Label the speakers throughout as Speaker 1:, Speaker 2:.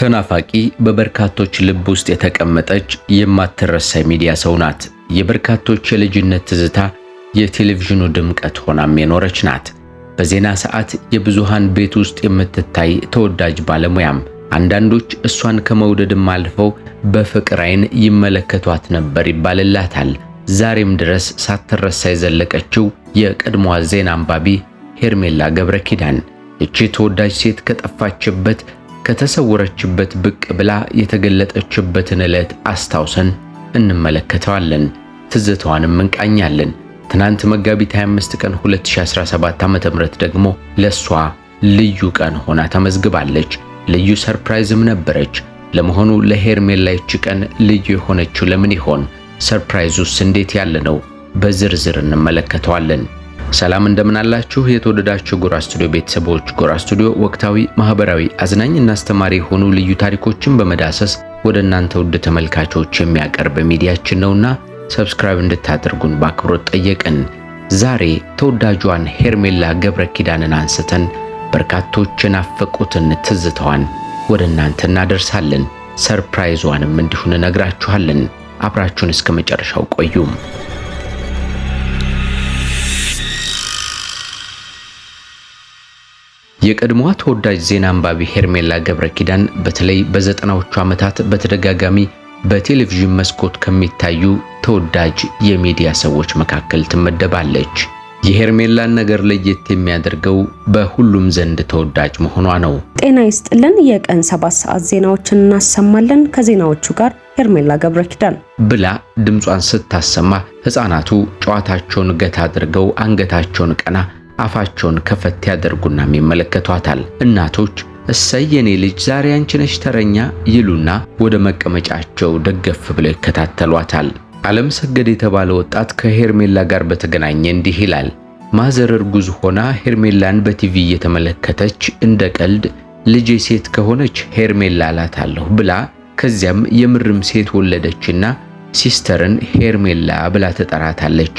Speaker 1: ተናፋቂ በበርካቶች ልብ ውስጥ የተቀመጠች የማትረሳ ሚዲያ ሰው ናት። የበርካቶች የልጅነት ትዝታ፣ የቴሌቪዥኑ ድምቀት ሆናም የኖረች ናት። በዜና ሰዓት የብዙሃን ቤት ውስጥ የምትታይ ተወዳጅ ባለሙያም አንዳንዶች እሷን ከመውደድም አልፈው በፍቅር ዓይን ይመለከቷት ነበር ይባልላታል። ዛሬም ድረስ ሳትረሳ የዘለቀችው የቀድሞዋ ዜና አንባቢ ሄርሜላ ገብረ ኪዳን እቺ ተወዳጅ ሴት ከጠፋችበት ከተሰወረችበት ብቅ ብላ የተገለጠችበትን ዕለት አስታውሰን እንመለከተዋለን፣ ትዝታዋንም እንቃኛለን። ትናንት መጋቢት 25 ቀን 2017 ዓ.ም ደግሞ ለሷ ልዩ ቀን ሆና ተመዝግባለች። ልዩ ሰርፕራይዝም ነበረች። ለመሆኑ ለሄርሜላ ይቺ ቀን ልዩ የሆነችው ለምን ይሆን? ሰርፕራይዙስ እንዴት ያለ ነው? በዝርዝር እንመለከተዋለን። ሰላም እንደምን አላችሁ የተወደዳችሁ ጎራ ስቱዲዮ ቤተሰቦች። ጎራ ስቱዲዮ ወቅታዊ፣ ማህበራዊ፣ አዝናኝ እና አስተማሪ የሆኑ ልዩ ታሪኮችን በመዳሰስ ወደ እናንተ ውድ ተመልካቾች የሚያቀርብ ሚዲያችን ነውና ሰብስክራይብ እንድታደርጉን በአክብሮት ጠየቅን። ዛሬ ተወዳጇን ሄርሜላ ገብረ ኪዳንን አንስተን በርካቶች የናፈቁትን ትዝታዋን ወደ እናንተ እናደርሳለን። ሰርፕራይዟንም እንዲሁን እነግራችኋለን። አብራችሁን እስከ መጨረሻው ቆዩም። የቀድሞዋ ተወዳጅ ዜና አንባቢ ሄርሜላ ገብረ ኪዳን በተለይ በዘጠናዎቹ ዓመታት በተደጋጋሚ በቴሌቪዥን መስኮት ከሚታዩ ተወዳጅ የሚዲያ ሰዎች መካከል ትመደባለች። የሄርሜላን ነገር ለየት የሚያደርገው በሁሉም ዘንድ ተወዳጅ መሆኗ ነው።
Speaker 2: ጤና ይስጥልን። የቀን ሰባት ሰዓት ዜናዎችን እናሰማለን። ከዜናዎቹ ጋር ሄርሜላ ገብረ ኪዳን
Speaker 1: ብላ ድምጿን ስታሰማ ሕፃናቱ ጨዋታቸውን ገታ አድርገው አንገታቸውን ቀና አፋቸውን ከፈት ያደርጉና ይመለከቷታል። እናቶች እሰይ የኔ ልጅ ዛሬ አንቺ ነሽ ተረኛ ይሉና ወደ መቀመጫቸው ደገፍ ብለው ይከታተሏታል። ዓለም ሰገድ የተባለ ወጣት ከሄርሜላ ጋር በተገናኘ እንዲህ ይላል። ማዘር እርጉዝ ሆና ሄርሜላን በቲቪ እየተመለከተች እንደ ቀልድ ልጄ ሴት ከሆነች ሄርሜላ እላታለሁ ብላ ከዚያም የምርም ሴት ወለደችና ሲስተርን ሄርሜላ ብላ ትጠራታለች።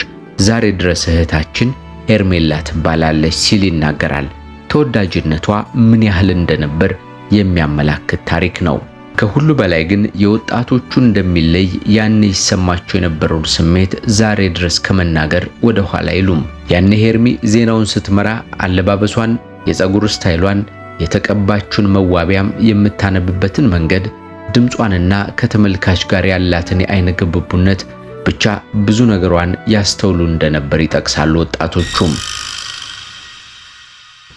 Speaker 1: ዛሬ ድረስ እህታችን ሄርሜላ ትባላለች ሲል ይናገራል። ተወዳጅነቷ ምን ያህል እንደነበር የሚያመላክት ታሪክ ነው። ከሁሉ በላይ ግን የወጣቶቹ እንደሚለይ ያኔ ይሰማቸው የነበረውን ስሜት ዛሬ ድረስ ከመናገር ወደ ኋላ አይሉም። ያኔ ሄርሚ ዜናውን ስትመራ አለባበሷን፣ የፀጉር ስታይሏን፣ የተቀባችውን መዋቢያም፣ የምታነብበትን መንገድ፣ ድምጿንና ከተመልካች ጋር ያላትን የአይነ ግብቡነት ብቻ ብዙ ነገሯን ያስተውሉ እንደነበር ይጠቅሳሉ ወጣቶቹም።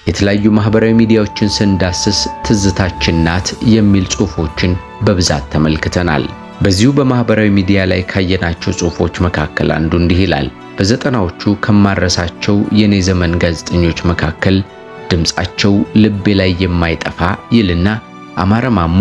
Speaker 1: የተለያዩ ማህበራዊ ሚዲያዎችን ስንዳስስ ትዝታችን ናት የሚል ጽሑፎችን በብዛት ተመልክተናል። በዚሁ በማህበራዊ ሚዲያ ላይ ካየናቸው ጽሑፎች መካከል አንዱ እንዲህ ይላል። በዘጠናዎቹ ከማረሳቸው የኔ ዘመን ጋዜጠኞች መካከል ድምፃቸው ልቤ ላይ የማይጠፋ ይልና አማረ ማሞ፣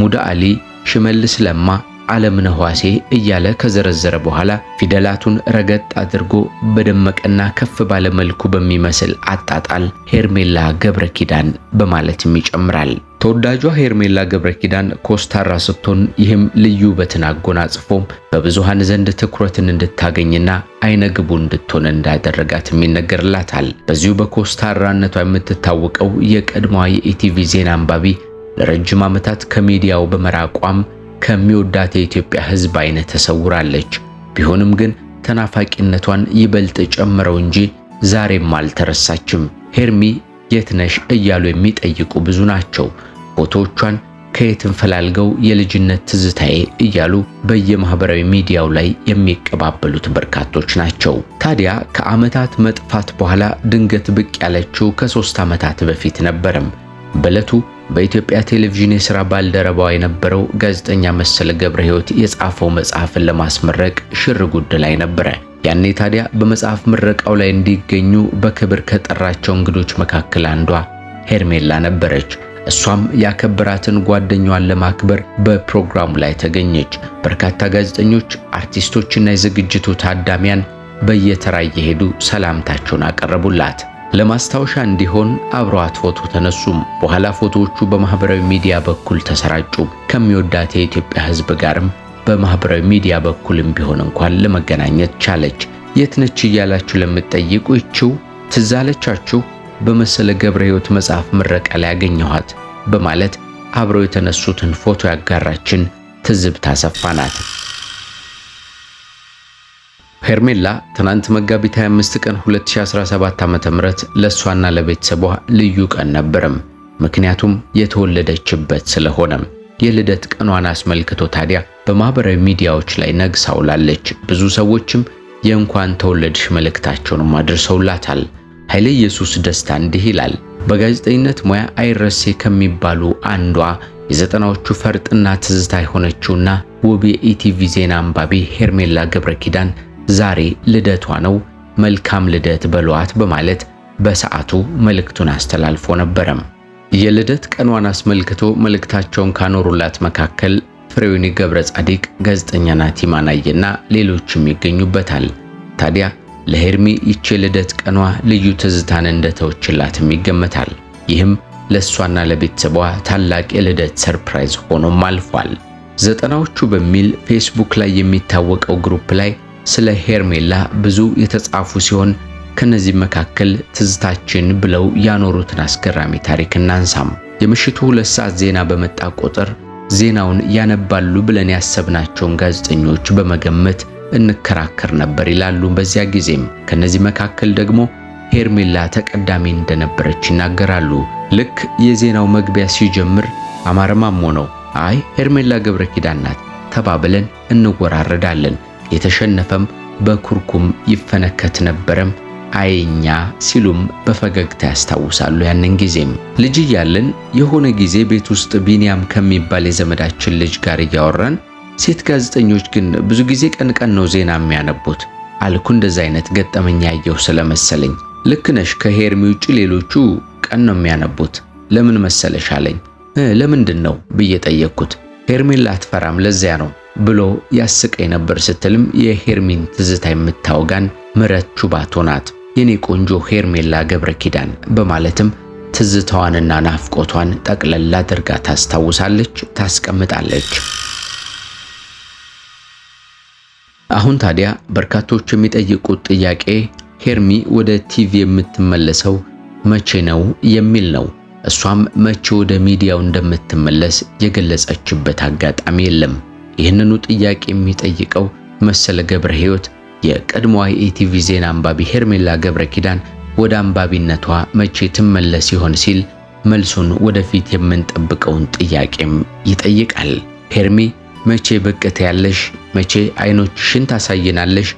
Speaker 1: ሙዳ አሊ፣ ሽመልስ ለማ አለምነህዋሴ እያለ ከዘረዘረ በኋላ ፊደላቱን ረገጥ አድርጎ በደመቀና ከፍ ባለ መልኩ በሚመስል አጣጣል ሄርሜላ ገብረ ኪዳን በማለትም ይጨምራል። ተወዳጇ ሄርሜላ ገብረ ኪዳን ኮስታራ ስትሆን ይህም ልዩ ውበትን አጎናጽፎም በብዙሃን ዘንድ ትኩረትን እንድታገኝና አይነ ግቡ እንድትሆን እንዳደረጋትም ይነገርላታል። በዚሁ በኮስታራነቷ የምትታወቀው የቀድሞዋ የኢቲቪ ዜና አንባቢ ለረጅም ዓመታት ከሚዲያው በመራቋም ከሚወዳት የኢትዮጵያ ሕዝብ አይነ ተሰውራለች። ቢሆንም ግን ተናፋቂነቷን ይበልጥ ጨምረው እንጂ ዛሬም አልተረሳችም። ሄርሚ የትነሽ እያሉ የሚጠይቁ ብዙ ናቸው። ፎቶዎቿን ከየት እንፈላልገው የልጅነት ትዝታዬ እያሉ በየማህበራዊ ሚዲያው ላይ የሚቀባበሉት በርካቶች ናቸው። ታዲያ ከዓመታት መጥፋት በኋላ ድንገት ብቅ ያለችው ከሦስት ዓመታት በፊት ነበረም። በዕለቱ በኢትዮጵያ ቴሌቪዥን የሥራ ባልደረባው የነበረው ጋዜጠኛ መሰለ ገብረ ሕይወት የጻፈው መጽሐፍን ለማስመረቅ ሽር ጉድ ላይ ነበረ። ያኔ ታዲያ በመጽሐፍ ምረቃው ላይ እንዲገኙ በክብር ከጠራቸው እንግዶች መካከል አንዷ ሄርሜላ ነበረች። እሷም ያከበራትን ጓደኛዋን ለማክበር በፕሮግራሙ ላይ ተገኘች። በርካታ ጋዜጠኞች፣ አርቲስቶችና የዝግጅቱ ታዳሚያን በየተራ እየሄዱ ሰላምታቸውን አቀረቡላት። ለማስታወሻ እንዲሆን አብረዋት ፎቶ ተነሱም። በኋላ ፎቶዎቹ በማህበራዊ ሚዲያ በኩል ተሰራጩ። ከሚወዳት የኢትዮጵያ ሕዝብ ጋርም በማህበራዊ ሚዲያ በኩልም ቢሆን እንኳን ለመገናኘት ቻለች። የት ነች እያላችሁ ለምትጠይቁ ይችው ትዛለቻችሁ በመሰለ ገብረ ሕይወት መጽሐፍ ምረቃ ላይ ያገኘኋት በማለት አብረው የተነሱትን ፎቶ ያጋራችን ትዝብት አሰፋ ናት። ሄርሜላ ትናንት መጋቢት 25 ቀን 2017 ዓ.ም ለእሷና ለቤተሰቧ ልዩ ቀን ነበርም። ምክንያቱም የተወለደችበት ስለሆነም የልደት ቀኗን አስመልክቶ ታዲያ በማህበራዊ ሚዲያዎች ላይ ነግሳ ብዙ ሰዎችም የእንኳን ተወለድሽ መልእክታቸውንም አድርሰውላታል። ኃይለ ኢየሱስ ደስታ እንዲህ ይላል። በጋዜጠኝነት ሙያ አይረሴ ከሚባሉ አንዷ የዘጠናዎቹ ፈርጥና ትዝታ የሆነችውና ውብ የኢቲቪ ዜና አንባቢ ሄርሜላ ገብረ ኪዳን ዛሬ ልደቷ ነው፣ መልካም ልደት በሏት በማለት በሰዓቱ መልእክቱን አስተላልፎ ነበረም። የልደት ቀኗን አስመልክቶ መልእክታቸውን ካኖሩላት መካከል ፍሬውኒ ገብረ ጻዲቅ፣ ጋዜጠኛ ናቲ ማናየና ሌሎችም ይገኙበታል። ታዲያ ለሄርሚ ይቺ የልደት ቀኗ ልዩ ትዝታን እንደተወችላትም ይገመታል። ይህም ለእሷና ለቤተሰቧ ታላቅ የልደት ሰርፕራይዝ ሆኖም አልፏል። ዘጠናዎቹ በሚል ፌስቡክ ላይ የሚታወቀው ግሩፕ ላይ ስለ ሄርሜላ ብዙ የተጻፉ ሲሆን ከነዚህ መካከል ትዝታችን ብለው ያኖሩትን አስገራሚ ታሪክ እናንሳም። የምሽቱ ሁለት ሰዓት ዜና በመጣ ቁጥር ዜናውን ያነባሉ ብለን ያሰብናቸውን ጋዜጠኞች በመገመት እንከራከር ነበር ይላሉ። በዚያ ጊዜም ከነዚህ መካከል ደግሞ ሄርሜላ ተቀዳሚ እንደነበረች ይናገራሉ። ልክ የዜናው መግቢያ ሲጀምር አማረማሞ ነው፣ አይ ሄርሜላ ገብረ ኪዳን ናት ተባብለን እንወራረዳለን። የተሸነፈም በኩርኩም ይፈነከት ነበረም አይኛ ሲሉም በፈገግታ ያስታውሳሉ። ያንን ጊዜም ልጅ እያለን የሆነ ጊዜ ቤት ውስጥ ቢንያም ከሚባል የዘመዳችን ልጅ ጋር እያወራን፣ ሴት ጋዜጠኞች ግን ብዙ ጊዜ ቀን ቀን ነው ዜና የሚያነቡት አልኩ። እንደዛ አይነት ገጠመኝ ያየሁ ስለመሰለኝ ልክ ነሽ፣ ከሄርሚ ውጭ ሌሎቹ ቀን ነው የሚያነቡት። ለምን መሰለሽ አለኝ። ለምንድን ነው ብዬ ጠየቅኩት። ሄርሜላ ላትፈራም ለዚያ ነው ብሎ ያስቀኝ ነበር ስትልም የሄርሚን ትዝታ የምታወጋን ምረት ቹባቶ ናት። የኔ ቆንጆ ሄርሜላ ገብረ ኪዳን በማለትም ትዝታዋንና ናፍቆቷን ጠቅለል አድርጋ ታስታውሳለች፣ ታስቀምጣለች። አሁን ታዲያ በርካቶች የሚጠይቁት ጥያቄ ሄርሚ ወደ ቲቪ የምትመለሰው መቼ ነው የሚል ነው። እሷም መቼ ወደ ሚዲያው እንደምትመለስ የገለጸችበት አጋጣሚ የለም። ይህንኑ ጥያቄ የሚጠይቀው መሰለ ገብረ ሕይወት የቀድሞዋ የኢቲቪ ዜና አንባቢ ሄርሜላ ገብረ ኪዳን ወደ አንባቢነቷ መቼ ትመለስ ይሆን ሲል መልሱን ወደፊት የምንጠብቀውን ጥያቄም ይጠይቃል። ሄርሜ መቼ ብቅ ያለሽ? መቼ አይኖችሽን ታሳየናለሽ?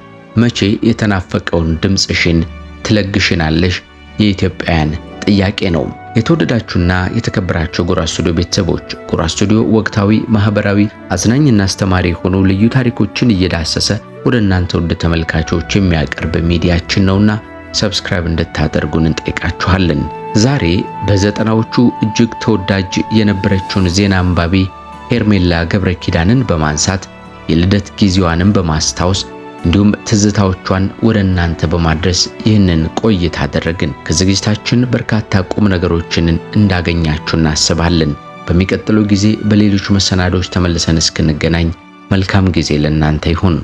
Speaker 1: መቼ የተናፈቀውን ድምፅሽን ትለግሽናለሽ? የኢትዮጵያውያን ጥያቄ ነው። የተወደዳችሁና የተከበራችሁ ጎራ ስቱዲዮ ቤተሰቦች ጎራ ስቱዲዮ ወቅታዊ፣ ማህበራዊ፣ አዝናኝና አስተማሪ የሆኑ ልዩ ታሪኮችን እየዳሰሰ ወደ እናንተ ውድ ተመልካቾች የሚያቀርብ ሚዲያችን ነውና ሰብስክራይብ እንድታደርጉን እንጠይቃችኋለን። ዛሬ በዘጠናዎቹ እጅግ ተወዳጅ የነበረችውን ዜና አንባቢ ሄርሜላ ገብረ ኪዳንን በማንሳት የልደት ጊዜዋንም በማስታወስ እንዲሁም ትዝታዎቿን ወደ እናንተ በማድረስ ይህንን ቆይታ አደረግን። ከዝግጅታችን በርካታ ቁም ነገሮችን እንዳገኛችሁ እናስባለን። በሚቀጥለው ጊዜ በሌሎች መሰናዶች ተመልሰን እስክንገናኝ መልካም ጊዜ ለእናንተ ይሁን።